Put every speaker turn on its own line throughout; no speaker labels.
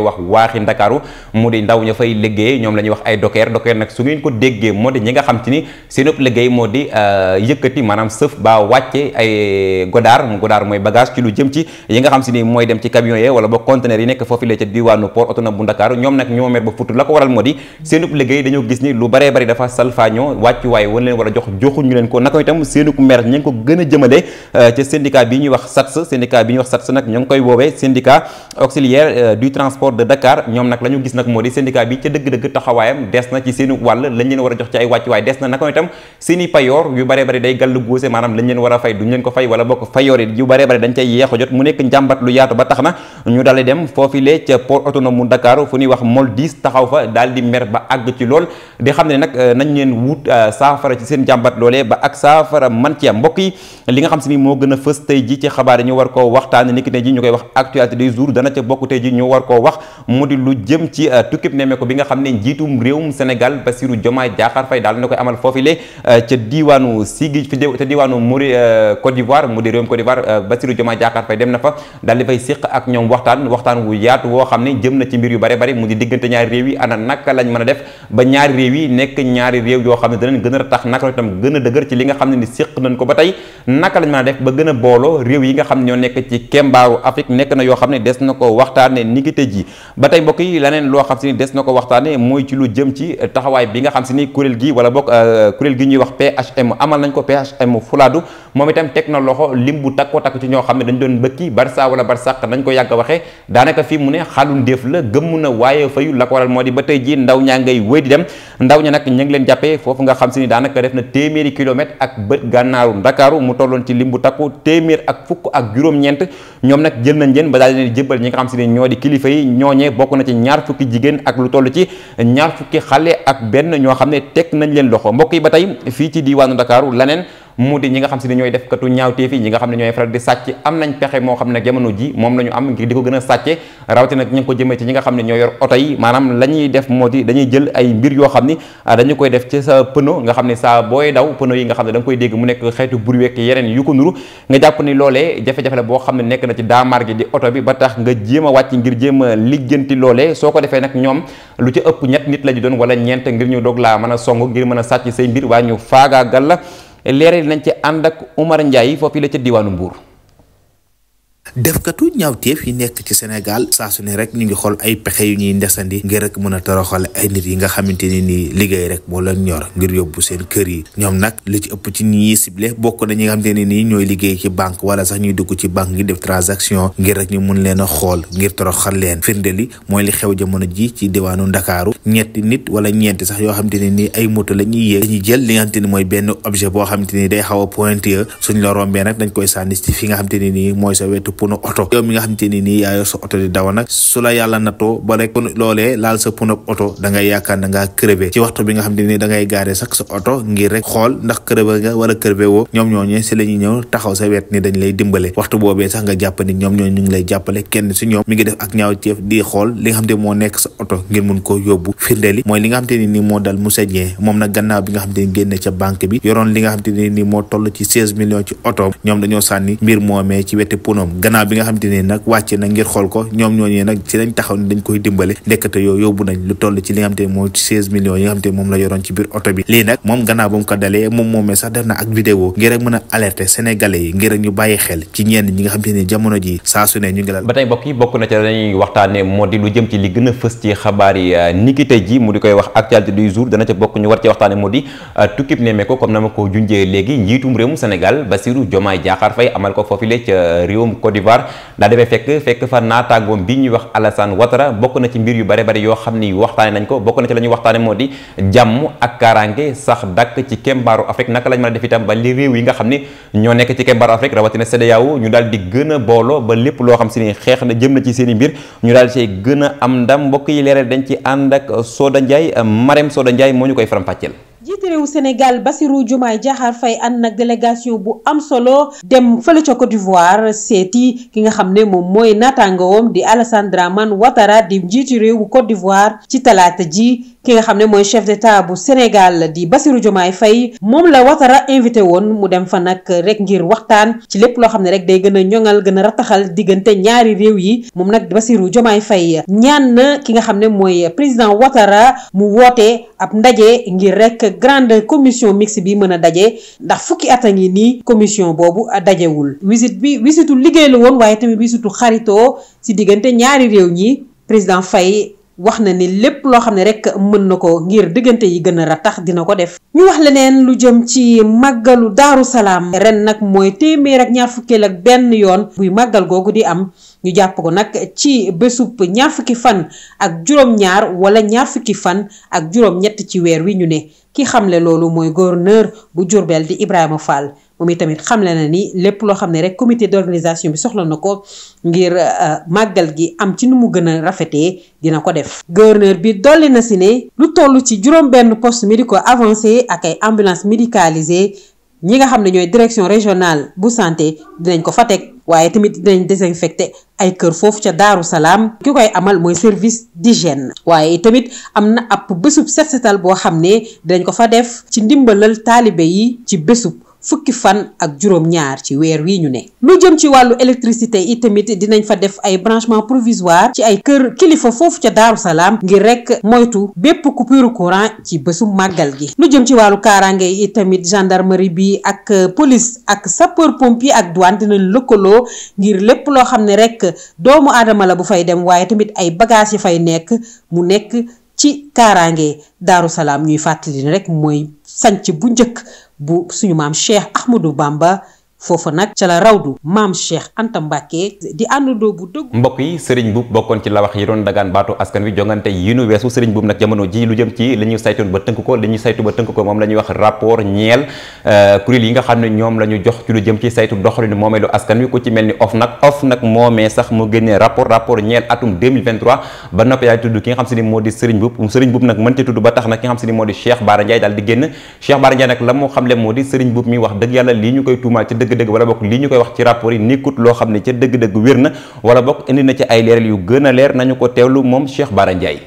wax waaxi ndakaaru mu di ndaw ña fay liggéey ñoom la wax ay dokeer dokeer nag su ngeen ko déggee moo di euh, yëkkati maanaam sëf ba wàcce ay godaar mu godaar mooy bagage ci lu jëm ci yi nga xam si ni mooy dem ci camion yee wala ba conteneur yi nekk foofu la ca diwaanu port autonome bu ndakaaru ñoom nag ñoo mer ba futu la ko waral moo di seen ëpp dañoo gis ni lu baree bari dafa salfaañoo wàccu waaye wan leen war a jox joxuñu leen ko naka itam seen port de Dakar ñoom nag la ñu gis nag moo di syndicat bi ca dëgg-dëgg taxawaayam des na ci seeni wàll lañ leen war a jox ci ay wàccuwaay des na naka itam seeni payoor yu bare bare a dañ cay yeex a jot mu nekk njàmbat lu yaatu ba tax na ñu daal di dem foofilee ca port autonome mu fu ñuy wax Moldis taxaw fa daal mer ba àgg ci lool di xam ne nag euh, nañ leen wut euh, saafara ci seen jàmbat loolee ba ak saafara man ci am mbokk yi li nga xam si ni moo gën a mu di lu jëm ci euh, tukkib nemmeeku bi nga xam ne njiitum réewum Sénégal Bassirou Diomaye Diakhar Faye daal na koy amal foofile euh, ca diwaanu Sigi ca diwaanu Mori euh, Côte d'Ivoire mu di réewum Côte d'Ivoire Bassirou Diomaye Diakhar Faye dem na fa daal di fay séq ak ñoom waxtaan waxtaan wu yaatu woo xam ne jëm na ci mbir yu bare bare mu di diggante ñaari réew yi ana naka lañ mën a def ba ñaari réew yi nekk ñaari réew yoo xam ne danañ gën a tax naka la itam ba tey naka ba gën a nga xam ne ñoo nekk ci na yoo xam ne des na ji ba tey mbokk yi leneen loo xam si ni des na ko waxtaane mooy ci lu jëm ci eh, taxawaay bi nga xam si ni kuréel gi wala bokk eh, kuréel gi ñuy wax PHM amal nañ ko PHM Fulaadu moom itam teg na loxo lim bu takko takk ci ñoo xam ne dañ doon mbëkki a waxee daanaka fii mu ne xaalu ndéef la gëmm na waaye fayu la ko waral moo di ba tey ji ndaw ñaa ngay wéy di dem ndaw ña nag ña ngi leen jàppee foofu nga xam si ni daanaka def na téeméeri kilomètre ak bët gànnaaru ndakaaru mu tolloon ñooñee bokk na ci ñaar fukki jigéen ak lu toll ci ñaar fukki xale ak benn ñoo xam ne teg nañ leen loxo mbokk yi ba tey fii ci diwaanu Ndakaaru laneen mu di ñi nga xam si ne ñooy def katu ñaawteef yi ñi nga xam ne ñooy faral di sàcc am nañ pexe moo xam ne jamono ji moom la ñu am ngir di a sàcce rawati nag ko jëmee ci ñi nga ne ñoo yor maanaam la def moo di dañuy jël ay mbir yoo xam ni ah, dañu koy def ci sa pëno nga xam ne saa booy daw pëno yi nga xam ne da koy dégg mu nekk xeetu bruit ak yeneen yu ko nuru nga jàpp ni loolee jafe-jafe la boo xam ne nekk na ci daamar gi di oto bi ba tax nga jéem a wàcc ngir jéem a lijjanti loolee soo ko defee nag ñoom lu ci ëpp ñett nit la ñu doon wala ñeent ngir ñu doog laa mën a song ngir mën a sàcc say mbir ñu faagaagal la leeral nañ ci ànd ak Umar Ndiaye foofu la ca diwaanu mbuur
defkatu ñaawteef yi nekk ci Sénégal saa su ne rek ñu ngi xool ay pexe yu ñuy ndesandi ngir rek mën a toroxal ay nit yi nga xamante ne nii liggéey rek moo leen ñor ngir yóbbu seen kër yi ñoom nag li ci ëpp ci ñi ciblé bokk na ñi nga xamante ne nii ñooy liggéey ci banque wala sax ñuy dugg ci banque ngir def transaction ngir rek ñu mun leen a xool ngir toroxal leen firnde li mooy li xew jamono ji ci diwaanu Ndakaaru ñetti nit wala ñeenti sax yoo xamante ne nii ay moto la ñuy yéeg jël li nga xamante ni mooy benn objet boo xamante ni day xaw a pointé suñ la rombee nag dañ koy sànni ci fi nga xamante ne nii mooy sa wetu pono oto yow mi nga xamante ni bi nga xamante ni da ngay gaare sax sa oto ngir rek xool ndax crevé nga wala crevé la di xool li nga xamante moo nekk sa oto ngir mun koo yóbbu firndeel yi mooy li nga xamante ni nii moo li nga xamante ni nii moo toll ci seize ci oto ñoom dañoo sànni mbir moomee ci weti ponoom gannaaw bi nga xam te ne nag wàcc na ngir xool ko ñoom ñooñee nag ci lañ taxaw ne dañ koy dimbale ndekkate yoo yóbbu nañ lu toll ci li nga xam ne moom la yoroon ci biir oto bi lii nag moom gannaaw ba mu ko na ak vidéo ngir a ne jamono
di lu jëm ci li gën fës ci xabaar yi euh, niki ji mu di koy wax actualité du jour dana ca bokk ñu war ci waxtaane moo di euh, tukkib neme ko comme na ma ko junjee léegi njiitum réewum Sénégal Bassirou Diomaye Diakhar Faye amal d'Ivoire daa defee fekk fekk fa naataangoom bi ñuy wax Alassane Ouattara bokk na ci mbir yu bare bari yoo xam ni waxtaane nañ ko bokk na ci la ñuy waxtaane moo di jàmm ak kaaraange sax dakk ci kembaaru Afrique naka lañ mën a def itam ba li réew yi nga xam ne ñoo nekk ci kembaaru Afrique rawatina CEDEAO ñu daal di gën a booloo ba lépp loo xam si ni xeex na jëm na ci seen i mbir ñu daal ci gën a am ndam mbokk yi leeral dañ ci ànd ak Soda Ndiaye Marème Soda Ndiaye moo ñu koy faram-fàcceel
jiite réew Sénégal Bassirou Diomaye Diakhar fay ànd nag délégation bu am solo dem fële ca Côte d'Ivoire seeti ki nga xam ne moom mooy naataangoom di Alassane Dramane Ouattara di jiite réewu Côte d'Ivoire ci talaata ji ki nga xam ne mooy chef d'état bu Sénégal di Bassirou Diomaye fay moom la Ouattara invité woon mu dem fa nag rek ngir waxtaan ci lépp loo xam ne rek day gën a ñoŋal gën a rataxal diggante ñaari réew yi moom nag Bassirou Diomaye fay ñaan ki nga xam ne mooy président Ouattara mu woote ab ndaje ngir grande commission mixte bi mën a daje ndax fukki at a ngi nii commission boobu dajewul wisit bi wisitu liggéey la woon waaye tamit wisitu xaritoo ci diggante ñaari réew ñi président Faye wax na ni lépp loo xam ne rek mën na ko ngir diggante yi gën a ratax dina ko def ñu wax leneen lu jëm ci màggalu daaru salaam ren nag mooy téeméer ak ñaar fukkeel ak benn yoon buy màggal googu di am ñu jàpp ko nag ci bésub ñaar fukki fan ak juróom-ñaar wala ñaar fukki fan ak juróom-ñett ci weer wi ñu ne ki xamle loolu mooy gouverneur bu Diourbel di Ibrahima Fall moom itamit xamle na ni lépp loo xam ne rek comité d'organisation bi soxla na ko ngir euh, màggal gi am ci nu mu gën a rafetee dina ko def. gouverneur bi dolli na si ne lu toll ci juróom-benn poste médico avancé ak ay ambulance médicalisée ñi nga xam ne ñooy direction régionale bu santé dinañ ko fa teg waaye tamit dinañ désinfecté ay kër foofu ca Daaru Salaam ki koy amal mooy service d'hygiène waaye tamit am na ab bésub set setal boo xam ne dañ ko fa def ci ndimbalal taalibe yi ci bésub fukki fan ak juróom-ñaar ci weer wi ñu ne lu jëm ci wàllu électricité yi tamit dinañ fa def ay branchement provisoire ci ay kër kilifa foofu ca Daaru Salaam ngir rek moytu bépp coupure courant ci bésu màggal gi lu jëm ci wàllu kaaraange yi tamit gendarmerie bi ak police ak sapeur pompier ak douane lëkkaloo ngir lépp loo xam ne rek doomu aadama la bu fay dem waaye tamit ay bagages yi fay nekk mu nekk ci kaaraange Daaru Salaam ñuy fàttali ne rek mooy sanc bu njëkk bu suñu maam Cheikh Ahmadou Bamba foofa nag ca la rawdu maam Cheikh Anta Mbacke di àndandoo bu dëgg.
mbokk yi Serigne Boub bokkoon ci la wax yi doon dagaan baatu askan wi jongante yi nu weesu Serigne Boub nag ko li ñu ko moom la ñuy wax rapport ñeel euh, kuréel yi nga xam ne ñoom la jox ci lu jëm ci saytu doxalinu moomeelu askan wi ku ci mel ni OFNAC OFNAC moomee sax mu génnee rapport rapport ñeel atum ba noppi yaay di Serigne ki nga xam si ni moo di Cheikh Bara Ndiaye daal nag la moo xamle moo di Serigne dëgg-dëgg bokk lii ñu koy wax ci rapport yi nekkut loo xam ne ca dëgg-dëgg wér na wala bokk indi na ay leeral yu gën leer nañu ko teewlu moom
Cheikh Bara Ndiaye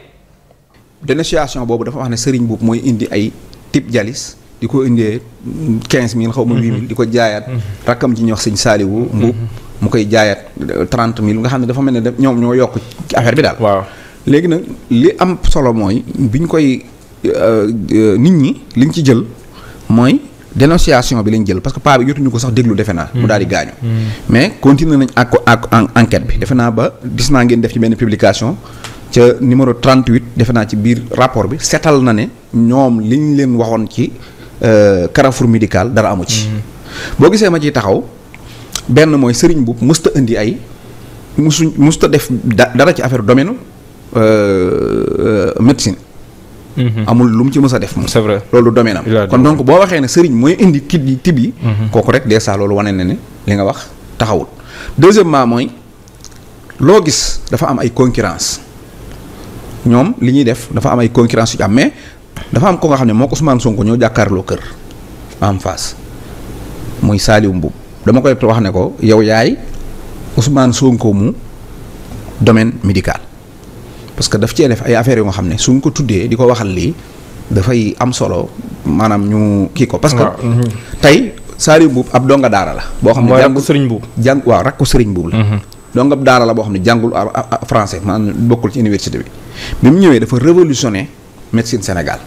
dénonciation boobu dafa wax ne sëriñ boobu mooy indi ay type jalis di ko indee quinze mille xaw ma huit di ko jaayaat mm-hmm. rakkam ji ñuy wax sëñ Saaliwu mbuub mu koy jaayaat euh, trente mille nga xam ne dafa mel ne def ñoom ñoo yokk ci affaire bi daal waaw léegi nag li am solo mooy bi ñu koy euh, euh, nit ñi li ñu ci jël mooy dénonciation bi lañ jël parce que paa bi jotuñu ko sax déglu defe naa. mu hmm. daal di gaañu. Hmm. mais continuer nañ ak ak enquête bi defe naa ba gis naa ngeen def ci benn publication ca numéro 38 defe naa ci biir rapport bi seetal na ne ñoom liñ leen waxoon ci euh, carrefour médical dara amu ci. Hmm. boo gisee ma ciy taxaw benn mooy sëriñ bu musta indi ay musuñ musta def dara ci affaire domaine euh, euh, médecine. Mm-hmm. amul lu mu ci mës a def moom loolu domaine am kon donc boo waxee ne sëriñ mooy indi kit yi tib kooku rek des saa loolu wane na ne li nga wax taxawul deuxièmement mooy loo gis dafa am ay concurrence ñoom li ñuy def dafa am ay concurrence yu am mais dafa am ko nga ne moo ko Ousmane Sonko ñoo jàkkaarloo kër en face muy Saliou Mbuub dama koy wax ne ko yow yaay Ousmane Sonko mu domaine médical parce que daf cee def ay affaire yu nga xam ne suñ ko tuddee di ko waxal lii dafay am solo maanaam ñu kii ko. parce que mhm. tey Saliou Mbuub ab donga daara la. boo xam ne jàngu sëriñ Mbuub jàng waaw rakku sëriñ Mbuub la. Mhm. donga daara la boo xam ne jàngul français maanaam bokkul ci université bi bi mu ñëwee dafa révolutionné médecine Sénégal.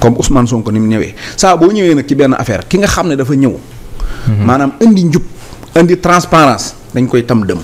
comme Ousmane Sonko ni mu ñëwee saa boo ñëwee nag ci benn affaire ki nga xam ne dafa ñëw. Mhm. maanaam indi njub indi transparence dañ koy tam dëm.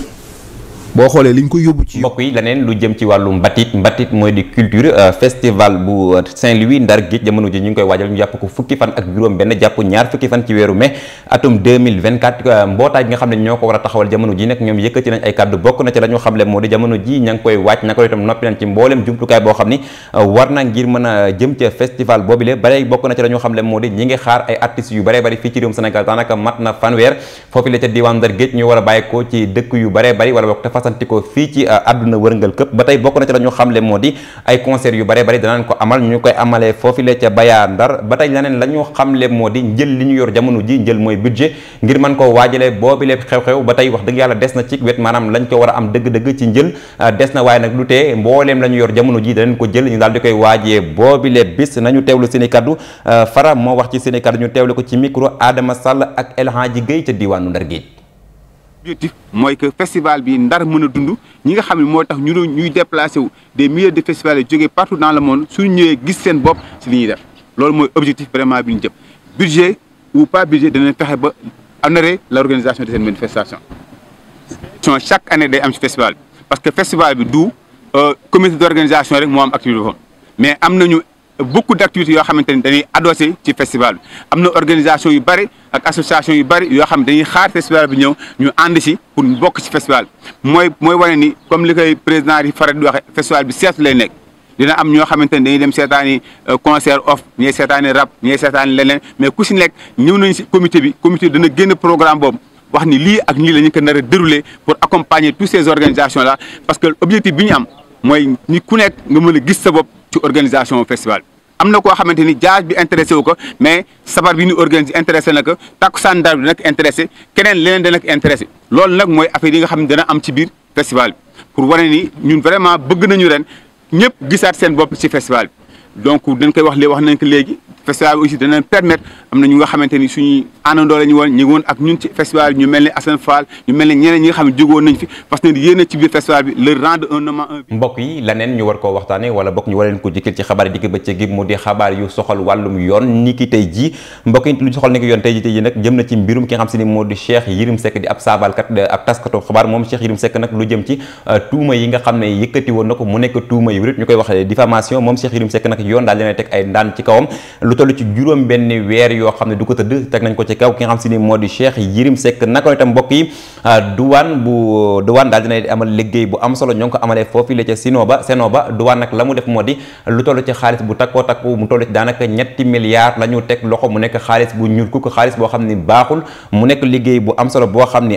boo xoolee li ñu ko yóbbu ci mbokk yi leneen lu jëm ci
wàllu mbatit mbatit mooy di culture euh, festival bu euh, Saint-Louis ndar jamono ji ñu ngi koy waajal ñu jàpp ko fukki ak juróom benn jàpp ñaar fukki fan ci weeru mai atum 2024 euh, mbootaay bi nga xam a taxawal jamono ji nag ñoom yëkkati nañ ay kàddu bokk na ci la xamle moo di jamono ji ña ngi koy waaj naka itam noppi nañ ci mbooleem jumtukaay boo xam ni war na ngir mën a jëm ca festival boobile bare bokk na ci la ñu xamle moo di ñi ngi xaar ay artistes yu bare bari fii ci réewum Sénégal daanaka mat na fanweer foofu la yu bare bari wala bokk ko fii ci euh, àdduna wërngal këpp ba tey bokk na ci la ñu xamle moo di ay concert yu bare bari danaan ko amal ñu koy amalee foofu la ca bayaa ndar ba tey leneen la ñu xamle moo di njël li ñu yor jamono ji njël mooy budget ngir mën koo waajale boobi lépp xew-xew ba tey wax dëgg yàlla des na ci wet maanaam lañ ko war a am dëgg-dëgg ci njël euh, des na waaye nag lu tee mbooleem la ñu yor jamono ji daneen ko jël ñu daal di koy waajee boobi lépp bis nañu teewlu seen i kaddu euh, fara moo wax i kaddu ñu teewlu ko ci micro Adama Sall ak El Hadji Gueye diwaanu Ndar Géej
objectif mooy que festival bi ndar mën a dund ñi nga xam ne moo tax ñu doon ñuy déplacé wu des milliers de festivals yi jógee partout dans le monde suñu ñëwee gis seen bopp si li ñuy def loolu mooy objectif vraiment bi ñu jëm budget ou pas budget danañ fexe ba honorer la organisation de cette manifestation. donc chaque année day am si festival bi parce que festival bi du euh, comité d' organisation rek moo am activité mais am nañu beaucoup d' activités yoo xamante ni dañuy adossé ci festival bi am na organisation yu bëri ak association yu bëri yoo xam ne dañuy xaar festival bi ñëw ñu ànd si pour bokk ci festival bi mooy mooy wane ni comme li koy président yi faral di waxee festival bi seetu lay nekk dina am ñoo xamante ni dañuy dem seetaani euh, concert off ñee seetaani rap ñee seetaani leneen mais ku si nekk ñëw nañ si comité bi comité dana génn programme boobu wax ni lii ak nii la ñu ko nar a dérouler pour accompagner toutes ces organisations là parce que objectif bi ñu am mooy ñi ku nekk nga mën a gis sa bopp ci organisation festival am na koo xamante ni jaaj bi intéressé wu ko mais sabar bi ni organiser intéressé na ko takkusaan daal bi nag intéressé keneen leneen danak intéressé loolu nag mooy affaire yi nga xam ne dana am ci biir festival pour wane ni ñun vraiment bëgg nañu ren ñëpp gisaat seen bopp ci festival bi donc dañ koy wax lé wax nañ ko léegi festival bi aussi danañ permettre am na ñu nga xamante ni suñuy àndandoo la ñu woon ñu ngi woon ak ñun ci festival bi ñu mel ne Assane Fall ñu mel ne ñeneen ñi nga xam ne jógoon nañ fi
mbokk yi laneen ñu war koo waxtaane wala bokk ñu war leen ko jikkil ci xabaar yi dikk bëccëg gi mu di xabaar yu soxal wàllum yoon ni ki tey jii mbokk yi lu soxal ni ki yoon tey jii nag jëm na ci mbirum ki nga xam si ni moo di Cheikh Yérim Seck di ab saabalkat ab taskatu xabaar lu toll ci juróom benn weer yoo xam ne du ko tëdd teg nañ ko ci kaw ki nga xam si ni moo di ah, la ca sino ba seno lu toll ci xaalis ci boo xam ni baaxul mu nekk liggéey bu am solo boo xam lu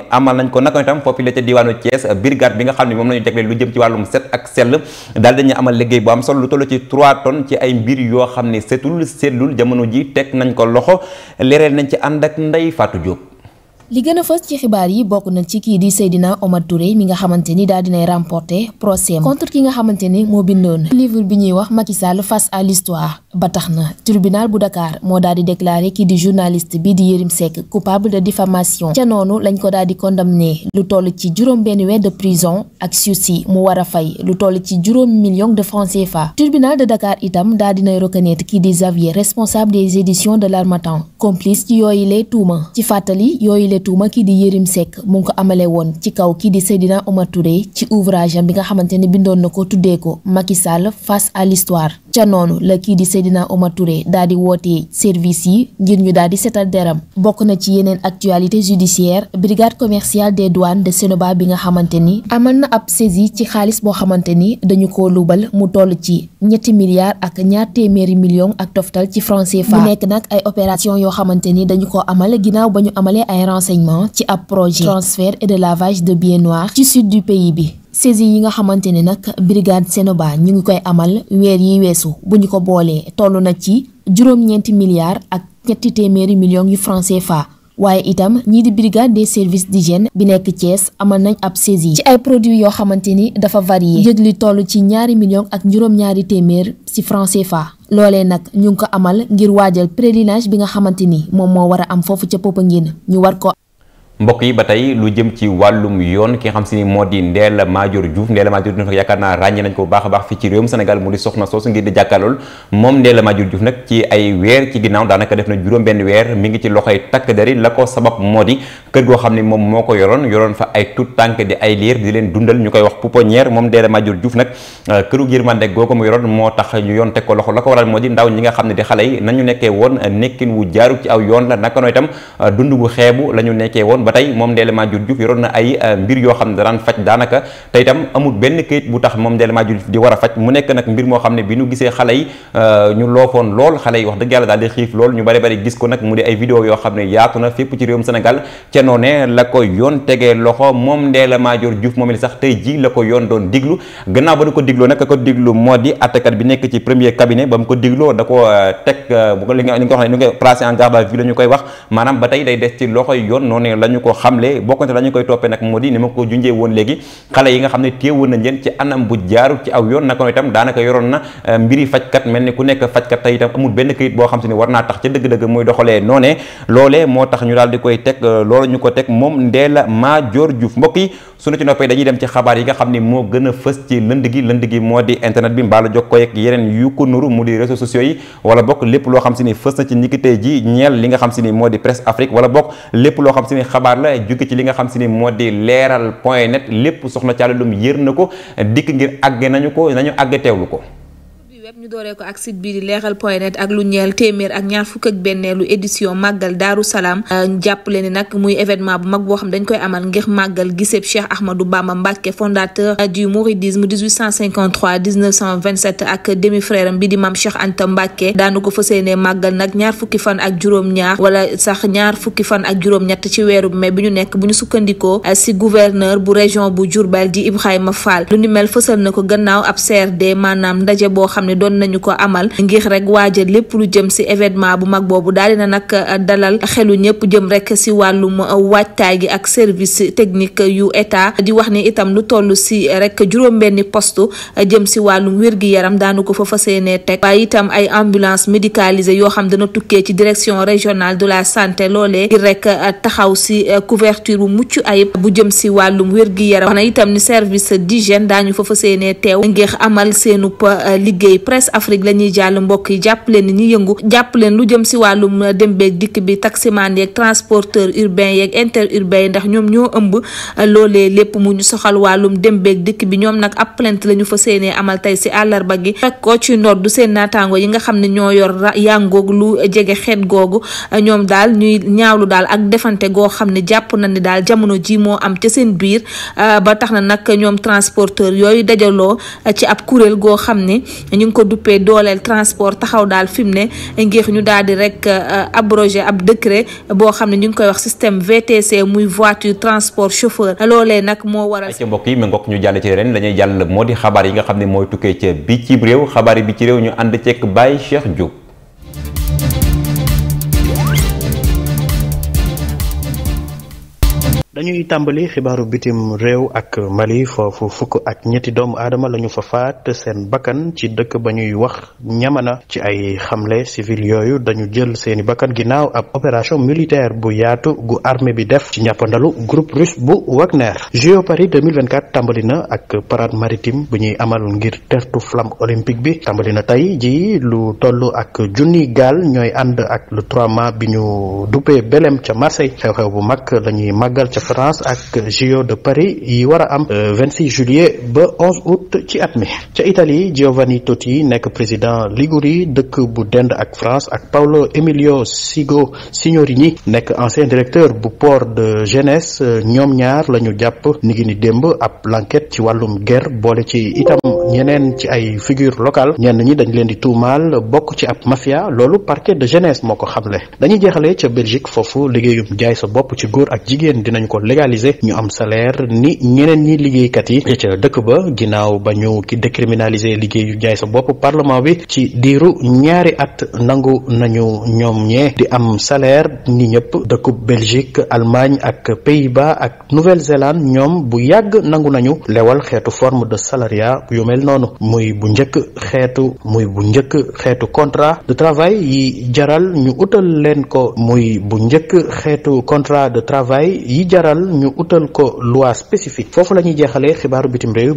jëm ci wàllum set ak sell ay mbir yoo xam ne setul setul dul jamono ji teg nañu ko loxo leeral nañ ci ànd ak ndey Fatou Diop
li gën a fës ci xibaar yi bokk na ci kii di dina Seydina Omar Touré mi nga xamante ni daal dinay remporter procès contre ki nga xamante ni moo bindoon livre bi ñuy wax Macky Sall face à l'histoire ba tax na tribunal bu Dakar moo daal di déclaré kii di journaliste bi di Yérim Seck coupable de diffamation ca noonu lañ ko daal di condamné lu toll ci juróom benn weer de prison ak sursis mu war a fay lu toll ci juróom million de francs fa tribunal de Dakar itam daal dinay reconnaître kii di Xavier responsable des éditions de l'Harmattan complice ci yooyu lee tuuma ci fàttali yooyu bile tuuma kii di Yérim Seck mu ngi ko amale woon ci kaw kii di Seydina Omar Touré ci ouvrage bi nga xamante ne bindoon na ko tuddee ko Macky saal face à l'histoire ca noonu la kii di Seydina Omar Touré daal di woote service yi ngir ñu daal di seetal deram bokk na ci yeneen actualité judiciaire brigade commerciale des douanes de Sénoba bi nga xamante ni amal na ab saisie ci xaalis boo xamante ni dañu ko lubal mu toll ci ñetti milliards ak ñaar téeméeri millions ak toftal ci franc CFA mu nekk nag ay opération yoo xamante ni dañu ko amal ginnaaw ba ñu amalee ay renseignements ci ab projet transfert et de lavage de biens noirs ci bi saisi yi nga xamante ne nag brigade Sénoba ñu ngi koy amal weer yi weesu bu ñu ko boolee toll na ci juróom-ñeenti milliards ak ñetti téeméeri millions yu francs CFA waaye itam ñii di brigade des services d'hygiène bi nekk cees amal nañ ab saisie ci ay produits yoo xamante ni dafa varié njëg li toll ci ñaari millions ak juróom-ñaari téeméer ci francs CFA loole nag ñu ngi ko amal ngir waajal pèlerinage bi nga xamante ni moom moo war a am foofu ca Popenguine ñu war ko
mbokk yi ba tey lu jëm ci wàllum yoon ki nga xam si ni moo di Ndella Madior Diouf Ndella Madior Diouf nag yaakaar naa ràññee nañ ko bu baax a baax fii ci réewum Sénégal mu di soxna soosu ngir di ay weer ci ginnaaw daanaka def na juróom benn weer mi ngi ci loxoy takk dari la ko sabab moo di kër goo xam ne moom moo ko yoroon yoroon fa ay tout tànk di ay liir di leen dundal ñu koy wax pu pouponnière moom Ndella Madior Diouf nag euh, këru yërmande googu mu yoroon moo tax ñu yoon teg ko loxo la ko waral moo di ndaw ñi nga xam ne di xale yi nañu nekkee woon nekkin wu jaaru ci aw yoon la naka noo itam euh, dund gu xeebu la ñu nekkee woon ba tey moom Ndella Madior Diouf euh, mbir yoo xam ne daan faj daanaka te itam amul benn bu tax moom Ndella Madior Diouf di war a faj mu nekk nag mbir moo xam ne bi ñu gisee xale yi euh, ñu loofoon lool xale yi wax dëgg yàlla daal di xiif lool ñu bari bari gis ko nag mu di ay yoo xam ne yaatu na fépp ci réewum Sénégal ca noonee la ko yoon tegee loxo moom Ndella Madior Diouf moom it sax tey jii la ko yoon doon diglu gannaaw ba ñu ko digloo nag ko diglu moo di attakat bi nekk ci premier cabinet ba mu ko digloo da euh, ko teg bu li nga xam ne ñu koy placé en garde à vue koy wax maanaam ba tey day des ci loxoy yoon noonu la danañu ko xamle bokkante dañu koy nag moo di ni ma ko junjee woon léegi xale yi nga xam ne téewoon nañ leen ci anam bu jaarul ci aw yoon naka noonu itam daanaka yoroon na euh, mbiri fajkat mel ni ku nekk fajkat tey itam amul benn kayit boo xam si ni war naa tax ca dëgg-dëgg muy doxalee noonee loolee moo tax ñu daal di koy teg euh, loolu ko teg moom Ndella Madior Diouf mbokk yi suñu ci noppee dañuy dem ci xabaar yi nga xam ne moo gën a fës ci lënd gi lënd gi moo di internet bi mbaalu jokkoo ak yeneen yu ko nuru mu di réseaux sociaux yi wala bokk lépp loo xam si ni fës na ci niki tey ji ñeel li nga xam si ni moo di presse Afrique wala bokk lépp xabaar la jóge ci li nga xam si ni moo di leeral point net lépp soxna caalum yër na ko dikk ngir àgge nañu ko nañu
àgge teewlu ko yëpp ñu dooree ko ak site bii di leeral point net ak lu ñeel téeméer ak ñaar fukk ak benneelu édition màggal daaru salaam euh, jàppale ni nag muy événement bu mag boo xam dañ koy amal ngir màggal giseb Cheikh Ahmadou Bamba Mbacke fondateur euh, du mouridisme 1853 1927 ak demi frère am bi di maam Cheikh Anta Mbacke daanu ko fas màggal nag ñaar fukki fan ak juróom-ñaar wala sax ñaar fukki fan ak juróom-ñett ci weeru mai bi ñu nekk bu ñu sukkandikoo euh, si gouverneur bu région bu Diourbel di Ibrahima Fall lu ni mel fësal na ko gannaaw ab CRD maanaam doon nañu ko amal ngir rek waajal lépp lu jëm si événement bu mag boobu daal dina nag uh, dalal xelu ñëpp jëm rek si wàllum uh, taay gi ak service technique yu état di wax ni itam lu toll si rek juróom mbenn postu uh, jëm si wàllum wér yaram daanu ko fa fas yéenee teg waaye itam ay ambulance médicalisée yoo xam dana tukkee ci direction régionale de la santé loolee ngir taxaw si couverture bu mucc ayib bu si wàllum wér gi yaram wax na ni service d'hygiène daañu fa fas teew ngir amal seenub liggéey Express Afrique la ñuy jàll mbokk yi jàpp leen ni yëngu jàpp leen lu jëm si wàllum dem beeg dikk bi taximaan yeeg transporteur urbain yeeg interurbain yi ndax ñoom ñoo ëmb loolee lépp mu ñu soxal wàllum dem dikk bi ñoom nag ab plainte fa séenee amal si àllarba gi fekk ko ci ndodd seen naataango yi nga xam ne ñoo yor yàngook lu jege xeet googu ñoom daal ñuy ñaawlu daal ak defante goo xam ne jàpp na ne daal jamono ji moo am ca seen biir euh, ba tax na nag ñoom transporteur yooyu dajaloo ci ab kuréel goo xam ne ñu ngi ko duppee dooleel transport taxaw daal fi mu ne ngir ñu daal di rek euh, abrogé ab décret boo xam ne ñu ngi koy wax système VTC muy voiture transport chauffeur loolee nag moo waral. ci
mbokk yi mi ngokk ñu jàll ci ren dañuy jàll moo di xabaar yi nga xam ne mooy tukkee ca bi ci réew xabaar yi bi ci réew ñu ànd cek bàyyi Cheikh Diop.
dañuy tàmbali xibaaru bitim réew ak Mali foofu fukk ak ñetti doomu aadama lañu ñu fa faat seen bakkan ci dëkk ba ñuy wax ñamana ci ay xamle civil yooyu dañu jël seeni bakkan ginnaaw ab opération militaire bu yaatu gu armée bi def ci njàppandalu groupe russe bu Wagner. JO Paris 2024 tàmbali na ak parade maritime bu ñuy amal ngir tertu flamme olympique bi tàmbali na tey jii lu toll ak junni gaal ñooy ànd ak lu 3 mars bi ñu duppee Belem ca Marseille xew-xew bu mag la ñuy màggal France ak JO de Paris yi war a am 26 euh, juillet ba 11 ci at mi ca Italie Giovanni Totti nekk président Ligurie dëkk bu dend ak France ak Paolo Emilio Sigo Signorini nekk ancien directeur bu port de Genèse euh, ñoom ñaar la ñu jàpp ni ngi ni démb ab l'enquête ci wàllum guerre boole ci itam ñeneen ci ay figure locale ñenn ñi dañ leen di tuumaal bokk ci ab mafia loolu parquet de Genèse moo ko xamle dañuy jeexale ca Belgique foofu liggéeyum jaay sa bopp ci góor ak jigéen dinañ ko ko légaliser ñu am salaire ni ñeneen ñi liggéeykat yi dëkk ba ginnaaw ba ñu ki décriminaliser liggéeyu jaay sa bopp parlement bi ci diiru ñaari at nangu nañu ñoom ñee di am salaire ni ñëpp dëkkub Belgique Allemagne ak pays ba ak Nouvelle-Zélande ñoom bu yàgg nangu nañu lewal xeetu forme de salariat yu mel noonu muy bu njëkk xeetu muy bu njëkk xeetu contrat de travail yi jaral ñu utal leen ko muy bu njëkk xeetu contrat de travail yi jaral jaral ñu utal ko loi spécifique foofu la ñuy jeexalee xibaaru bitim réew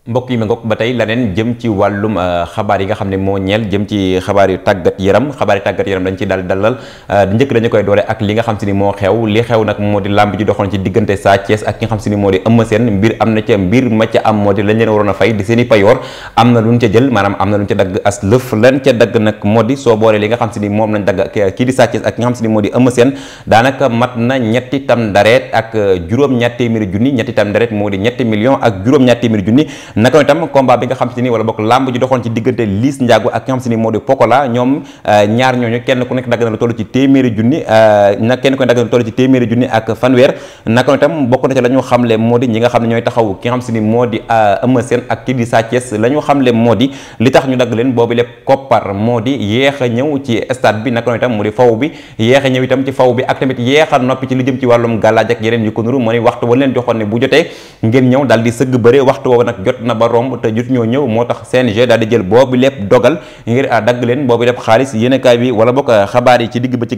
mbokk yi ma ngoog ba tey leneen jëm ci wàllum euh, xabaar yi nga xam ne moo ñeel jëm ci xabaar yu tàggat yaram xabaar yu tàggat yaram dañ ci dal dalal euh, njëkk dañu koy doole ak li nga xam si ni moo xew li xew nag moo di làmb ji doxoon ci diggante Sa Thiès ak ki ni moo di Eumeu Sène mbir am na ca mbir ma ca moo di lañ leen a fay di seen i payoor am na luñ ca jël maanaam am na luñ ca dagg as lëf lan ca dagg nag moo di soo boole li nga xam si ni moom lañ dagg euh, kii di Sa Thiès ak ki nga xam si ni moo di Eumeu Sène daanaka mat na ñetti tam dareet ak juróom-ñatti téeméeri junni ñetti tam dareet moo di ñetti million ak juróom-ñatti téeméeri naka itam combat bi nga xam si ni wala bokk làmb ji doxoon ci diggante Liss Ndiago ak ki nga xam si ni moo di Pokola ñoom euh, ñaar ñooñu kenn ku nekk dagg na lu toll ci téeméeri euh, kenn ko nekk dagg na lu toll ci téeméeri junni ak fanweer naka itam bokk na ci la ñu xamle moo di ñi nga xam ne ñooy taxaw ki moo di euh, Eumeu Sène ak kii di moo di li tax ñu dagg leen boobu lépp koppar moo di yéex a ñëw ci stade bi naka itam mu di faw bi yéex a ñëw itam ci faw bi ak tamit yéex a noppi ci lu jëm ci wàllum gàllaaj ak yeneen yu ko moo ni waxtu wa leen joxoon ne bu jotee ngeen ñëw daal di sëgg bëre waxtu woowu nag jot jot na ba romb te jot ñoo ñëw moo tax CNG daal di jël ah, leen boobu lépp xaalis yéenekaay bi wala bokk ah, xabaar yi ci digg tey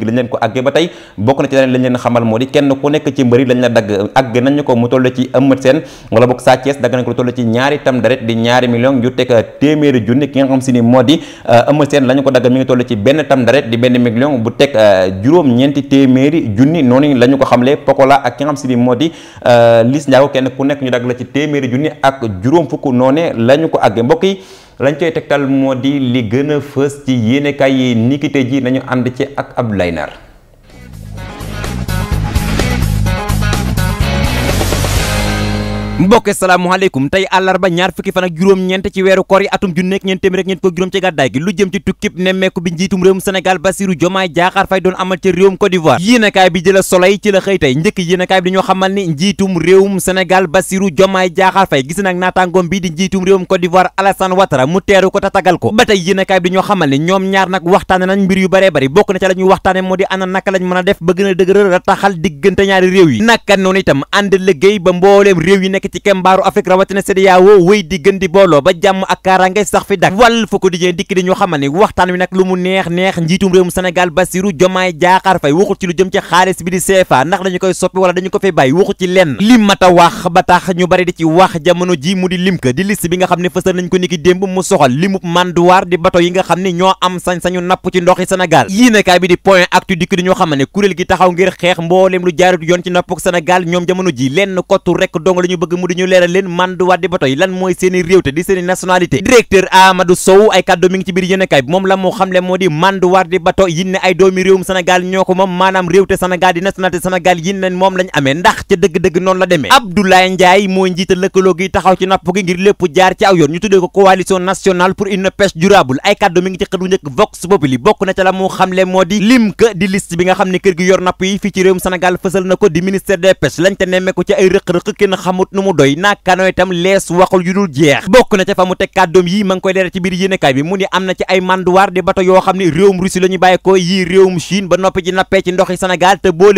bokk na ci leneen lañ leen xamal moo di kenn ku nekk ci mbëri lañ la dagg àgg nañu ko mu toll di ñaari million yu teg ah, téeméeri junni ki nga xam si ko dagg mi ngi ci benn tam daret di benn million bu teg juróom ñeenti téeméeri junni noonu la ñu ko xamle Pokola ak ki nga xam si ni moo di Liss kenn ku nekk ñu dagg la ci téeméeri junni ak juróom fukk noone la ñu ko àggee mbokk yi lañ koy tegtal moo di li gën a fës ci yéenekaay yi nikite ji nañu ànd ci ak ab Nar mbokk salaamaaleykum tey àllarba ñaar fukki fan ak juróom-ñeent ci weeru koor yi atum junni ak ñeent téeméer ak ñeent ko juróom ci gàddaay gi lu jëm ci tukkib nemmeeku bi njiitum réewum Sénégal Bassirou Diomaye Diakhar Faye doon amal ca bi di la Soleil ci la xëy tey njëkk gis nag naataangoom bi di njiitum réewum Côte d'Ivoire Alassane Ouattara mu teeru ko tatagal ko ba tey yéenekaay bi dañoo xamal ni ñoom ñaar nag waxtaane nañ mbir yu bare bari bokk na ca la ñuy waxtaane moo di ana naka a def a dëgëral rataxal diggante ñaari réew yi naka noonu itam ànd liggéey ba mbooleem réew yi ci kembaaru Afrique rawatina CEDEAO wéy di gën di booloo ba jàmm ak kaaraange sax fi dak wàll fa ko dijee dikk di ñu xamal ni waxtaan wi nag lu mu neex neex njiitum réewum Sénégal Bassirou Diomaye Diakhar Faye waxul ci lu jëm ci xaalis bi di CFA ndax dañu koy soppi wala dañu ko fi bàyyi ci lenn li a wax ba tax ñu bari di ci wax jamono ji mu di lim ka di liste bi nga xam ne fësal nañ ko niki démb mu soxal limub manduwaar di bato yi nga xam bi di point actu dikk di ñoo xamal ne kuréel gi taxaw ngir xeex mbooleem bëgg mu di ñu leeral leen mandu wàddi bato yi lan mooy seeni réew te di seeni nationalité directeur Amadou Sow ay kàddu mi ngi ci biir yéenekaay moom la moo xamle moo di mandu wàddi bato yi ne ay doomi réewum Sénégal ñoo ko moom maanaam réew te Sénégal di nationalité Sénégal yi ne moom lañ amee ndax ca dëgg-dëgg noonu la demee Abdoulaye Ndiaye mooy njiital lëkkaloo gi taxaw ci napp gi ngir lépp jaar ci aw yoon ñu tuddee ko coalition nationale pour une pêche nu mu doy naakkanoo itam lees waxul yu dul jeex bokk na ca fa mu teg kàddoom yi ma ngi koy leeral ci biir yéenekaay bi mu ni am na ci ay manduwaar di bato yoo xam ne la ñu bàyyi ko yii réewum Chine ba noppi ci nappee ci ndoxi Sénégal te na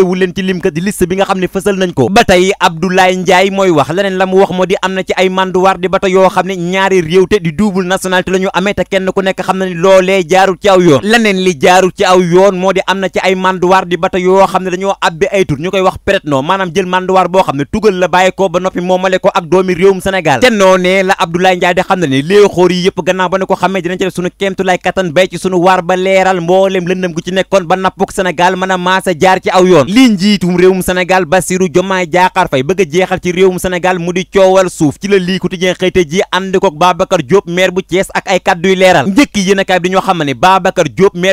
ci ñaari réew te di double nationalité la ñu amee te kenn ku nekk xam na ni loolee jaarul ci aw yoon leneen li jaarul ci aw yoon moo di am na ci ay manduwaar di bato yoo xam ne dañoo abbe ay tur ñu koy wax prête-nom maanaam jël manduwaar boo xam ne tugal la bàyyi ko ba noppi moomale ko ak doomi réewum Sénégal te noonee la Abdoulaye Ndiaye di xam ne ni léegi xóor yi yëpp gannaaw ba ne ko xamee dinañ ci def sunu kéemtulaay kattan bay ci sunu waar ba leeral mboolem lëndëm gu ci nekkoon ba nappuk Sénégal mën a maasa jaar ci aw yoon lii njiitum réewum Sénégal Bassirou Diomaye Diakhar Faye bëgg a jeexal ci réewum Sénégal mu di coowal suuf ci la lii ku tijjee xëyte ji ànd kook Babacar Diop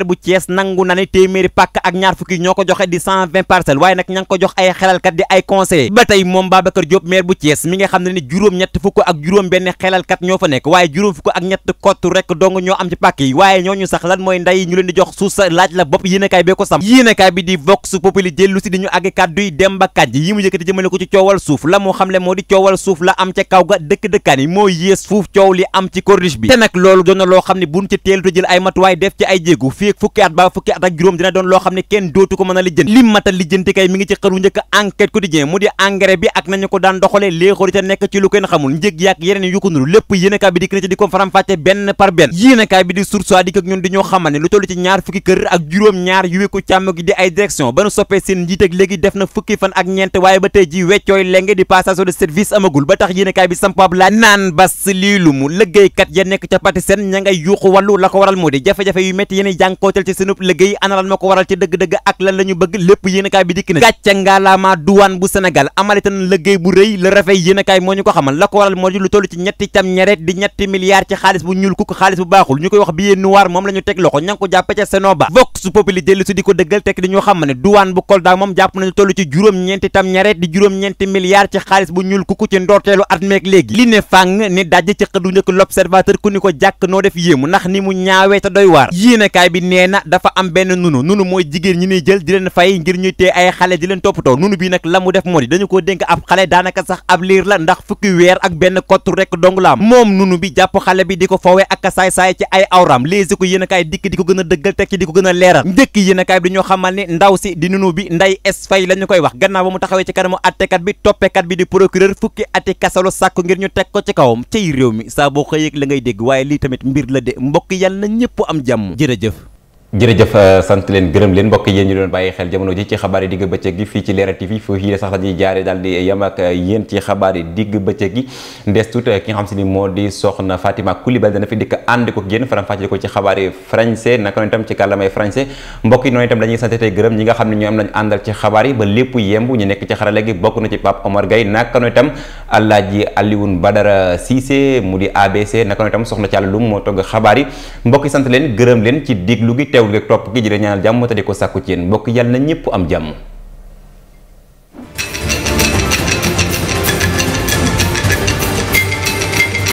bu Thiès nangu na ne téeméeri pàkk ak Thiès mi nga xam ne ni juróom-ñett fukk ak juróom benn xelalkat ñoo fa nekk waaye juróom fukk ak ñett kott rekk dong ñoo am ci pàkk yi waaye ñooñu sax lan mooy nday ñu leen di jox suuf sa laaj la bopp yéenekaay bee ko sam yéenekaay bi di vox suuf la moo xam le moo di coowal suuf la am ca kaw ga dëkk-dëkkaan yi moo yées fuuf coow li am ci corniche bi te nag loolu doon loo xam ne bu ci teeluta jël ay matuwaay def ci ay jéegu fii ak fukki at ba fukki léexoor yi te nekk ci lu kenn léegi def na fukki fan ak ñeent waaye ba tey ji weccooy lenge di passation de service amagul ba tax yéenekaay bi sampaab laa naan bas lii lu mu liggéeykat ya nekk ca pati ña ngay yuuxu wàllu la ko waral moo di jafe-jafe yu metti yéen jànkooteel ci seenub liggéey ana lan ko waral ci dëgg-dëgg ak la ñu bëgg lépp yéenekaay bi dikk na gàcca ngaalaama duwaan bu Sénégal amalitan liggéey bu rëy la rafet jafe-jafe yéenekaay moo ñu ko xamal la ko waral moo di lu toll ci ñetti tam ñeret di ñetti milliards ci xaalis bu ñuul kukk xaalis bu baaxul ñu koy wax billet noir moom la teg loxo ña ko jàpp ca Sénoba Vox Populi dellu si di ko dëggal tekk di ñu xamal ne duwaan bu Kolda moom jàpp nañu toll ci juróom-ñeenti tam ñeret di juróom-ñeenti milliards ci xaalis bu ñuul kukk ci ndorteelu at meeg léegi li ne fàng ne dajj ci xëdu njëkk l'observateur ku noo def yéemu ndax ni mu ñaawee te doy waar bi nee na dafa am benn nunu nunu mooy jigéen ñi ñuy jël di leen fay ngir ñuy tee ay xale di leen toppatoo nunu bi la mu def moo di dañu ko dénk ab xale daanaka liir la ndax fukki weer ak benn kottu rekk dong la moom nunu bi jàpp xale bi di ko foowe ak saay-saay ci ay awram léegi ko yéen kaay dikk di ko gën a dëggal tekki di ko gën a leeral njëkk yéen a kaay bi dañoo xamal ni ndaw si di nunu bi nday es fay la koy wax gannaaw ba mu taxawee ci kanamu attekat bi toppekat bi di procureur fukki ati kasalu sàkku ngir ñu teg ko ci kawam ciy réew mi saa boo xëyeeg la ngay dégg waaye lii tamit mbir la de mbokk yàlla na ñëpp am jàmm jërëjëf jërëjëf euh, sant leen gërëm leen mbokk yéen ñu doon bàyyi xel jamono ji ci xabaar yi digg bëccëg gi fii ci Leral TV fii fii sax la jaare daal di yem ak euh, ci xabaar yi digg bëccëg gi ndees tuut euh, ki nga xam si ni moo di soxna Fatima Coulibaly dana fi dikk ànd ko génn faram-fàccee ko ci xabaar yi français naka noonu itam ci kàllamay français mbokk noonu itam dañuy sant tey gërëm ñi nga xam ne ñoom lañ àndal ci xabaar yi ba lépp yemb ñu nekk ci teewlu rek topp gi di la ñaanal jàmm te di ko sàkku ci yéen mbokk yàlla na ñëpp am jàmm